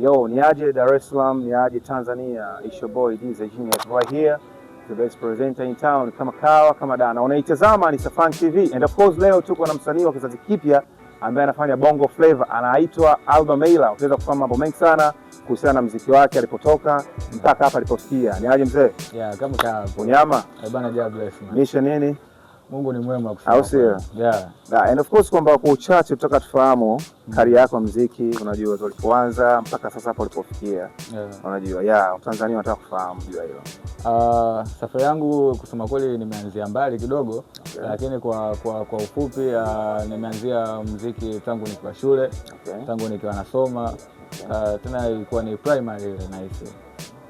Yo, ni aje Dar es Salaam, ni aje Tanzania. It's your boy DJ Genius right here, the best presenter in town, kama kawa kama dana. Unaitazama ni Safan TV. And of course leo tuko na msanii wa kizazi kipya ambaye anafanya bongo flavor, anaitwa Alba Meyla. Utaweza kufahamu mambo mengi sana kuhusiana na mziki wake alipotoka mpaka hapa alipofikia. Ni aje mzee? Yeah, kama kawa. Unyama? Eh, bana, God bless. Nisha nini? Mungu ni mwema au sio? Yeah. Yeah, and of course kwamba kwa uchache tutaka tufahamu mm. kari yako ya muziki, unajua ulipoanza mpaka sasa hapo ulipofikia. Yeah. Unajua, yeah, Tanzania wanataka kufahamu jua hilo. Uh, safari yangu kusema kweli nimeanzia mbali kidogo okay. Lakini kwa, kwa, kwa ufupi uh, nimeanzia muziki tangu nikiwa shule okay. Tangu nikiwa nasoma okay. Uh, tena ilikuwa ni primary ile nahisi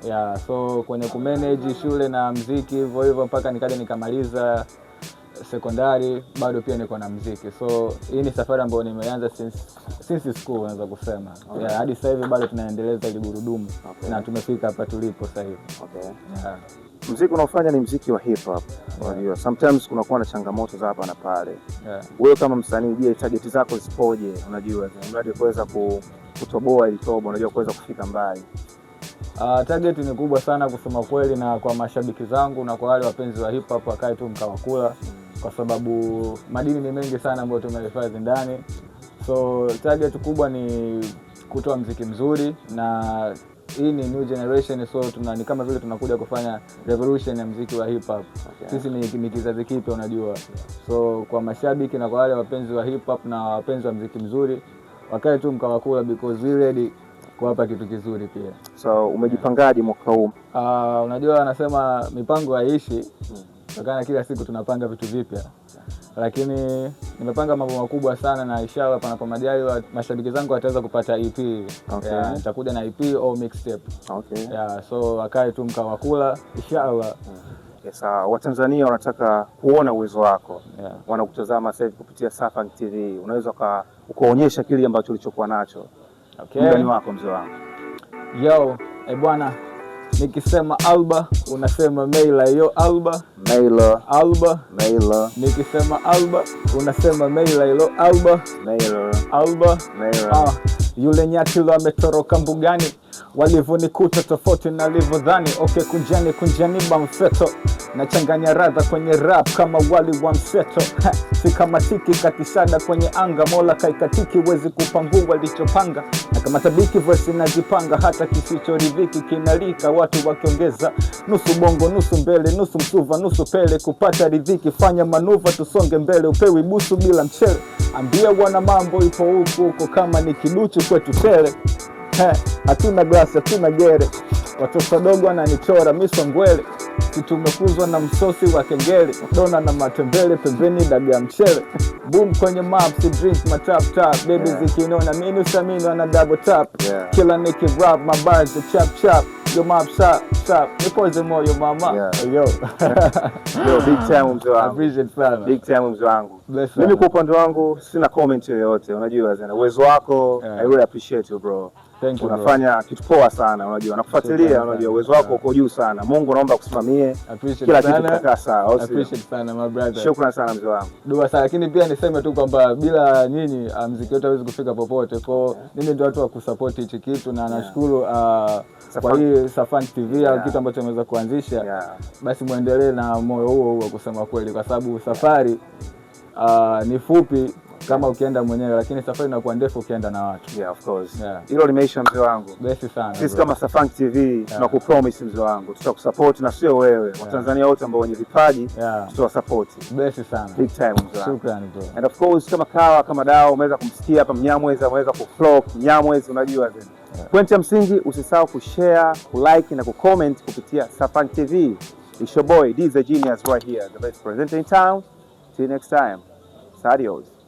yeah, so kwenye kumanage shule na muziki hivyo hivyo mpaka nikaja nikamaliza sekondari bado pia niko na mziki, so hii ni safari ambayo nimeanza since, since school naweza kusema okay. Yeah, hadi sasa hivi bado tunaendeleza ile gurudumu okay. Na tumefika hapa tulipo sasa hivi okay. Yeah. Mziki unaofanya ni mziki wa hip hop yeah. sometimes kunakuwa na changamoto za hapa na pale yeah. Wewe kama msanii, je, target zako zipoje? Unajua mradi kuweza kutoboa ile tobo, unajua kuweza kufika mbali Uh, target ni kubwa sana kusema kweli, na kwa mashabiki zangu na kwa wale wapenzi wa hip hop wakae tu mkawakula kwa sababu madini ni mengi sana ambayo tumehifadhi ndani, so target kubwa ni kutoa mziki mzuri na hii ni new generation so tuna, ni kama vile tunakuja kufanya revolution ya mziki wa hip hop. Okay. Sisi ni, ni kizazi kipya unajua, so kwa mashabiki na kwa wale wapenzi wa hip hop na wapenzi wa mziki mzuri wakae tu mkawakula because we ready kuwapa kitu kizuri pia. So umejipangaje mwaka huu? Uh, unajua anasema mipango haiishi Hmm kutokana kila siku tunapanga vitu vipya, lakini nimepanga mambo makubwa sana, na inshallah, panapo wa mashabiki zangu wataweza kupata EP. Okay. Nitakuja na EP au mixtape. Okay. Yeah, so wakae tu mkawakula inshallah. Hmm. Yes, uh, Watanzania wanataka kuona uwezo wako. Yeah. Wanakutazama sasa hivi kupitia Safang TV. Unaweza ukaonyesha kile ambacho ulichokuwa nacho. Okay. Mdani wako mzee wangu. Yo, e bwana Nikisema Alba unasema Meila, hiyo Alba Meila, Alba Meila. Nikisema Alba unasema Meila, hilo Alba Meila, Alba Meila. Ah, yule lo ametoroka mbugani walivyonikuta tofauti na alivyodhani. Ok, kunjani kunjani ba mfeto, nachanganya radha kwenye rap kama wali wa mfeto si kama kwenye anga, mola kaikatiki, wezi kupangua alichopanga na kama tabiki versi najipanga, hata kisichoridhiki kinalika, watu wakiongeza nusu bongo nusu mbele nusu msuva nusu pele, kupata ridhiki fanya manuva, tusonge mbele, upewi busu bila mchele, ambia wana mambo ipo huku huko, kama ni kiduchu kwetu tele hatuna glasi, hatuna gere, watoto wadogo wananichora miswa ngwele, tumekuzwa na msosi wa kengele, dona na matembele pembeni, dagaa mchele, boom kwenye maps, drink matap tap, tap baby yeah. zikinona mini usamini wana double tap yeah. kila niki rap mabars chap chap yo mom shop shop nipoze moyo mama yeah. yo yo big time mzee wangu appreciate sana big time mzee wangu mimi kwa upande wangu sina comment yoyote unajua zana uwezo wako yeah. i really appreciate you bro Thank you, unafanya bro. Kitu poa sana unajua, nakufuatilia unajua, uwezo wako uko juu sana. Mungu naomba akusimamie kila kitu kitakaa sawa. Appreciate sana my brother, shukrani sana mzee wangu, dua sana lakini pia niseme tu kwamba bila nyinyi uh, mziki wetu hawezi kufika popote kwao. Mimi ndio watu wa kusupport hichi kitu na nashukuru uh, kwa hii Safan TV au kitu ambacho ameweza kuanzisha yeah. Basi muendelee na moyo huo huo kusema kweli, kwa sababu safari uh, ni fupi kama ukienda mwenyewe, lakini safari inakuwa ndefu ukienda na watu. Yeah, of course. Yeah. Hilo limeisha mzee wangu. Basi sana. Sisi kama Safang TV tunakupromise mzee wangu, tutakusupport na sio wewe, Watanzania wote ambao wenye vipaji tutawasupport. Basi sana. Big time mzee wangu. Shukrani bro. And of course kama kawa kama dawa umeweza kumsikia hapa Mnyamwezi ameweza kuflow Mnyamwezi unajua tena. Yeah. Pointi ya msingi usisahau kushare, kulike na kucomment kupitia Safang TV. It's your boy, this is DJ Genius right here, the best presenter in town. See you next time. Adios.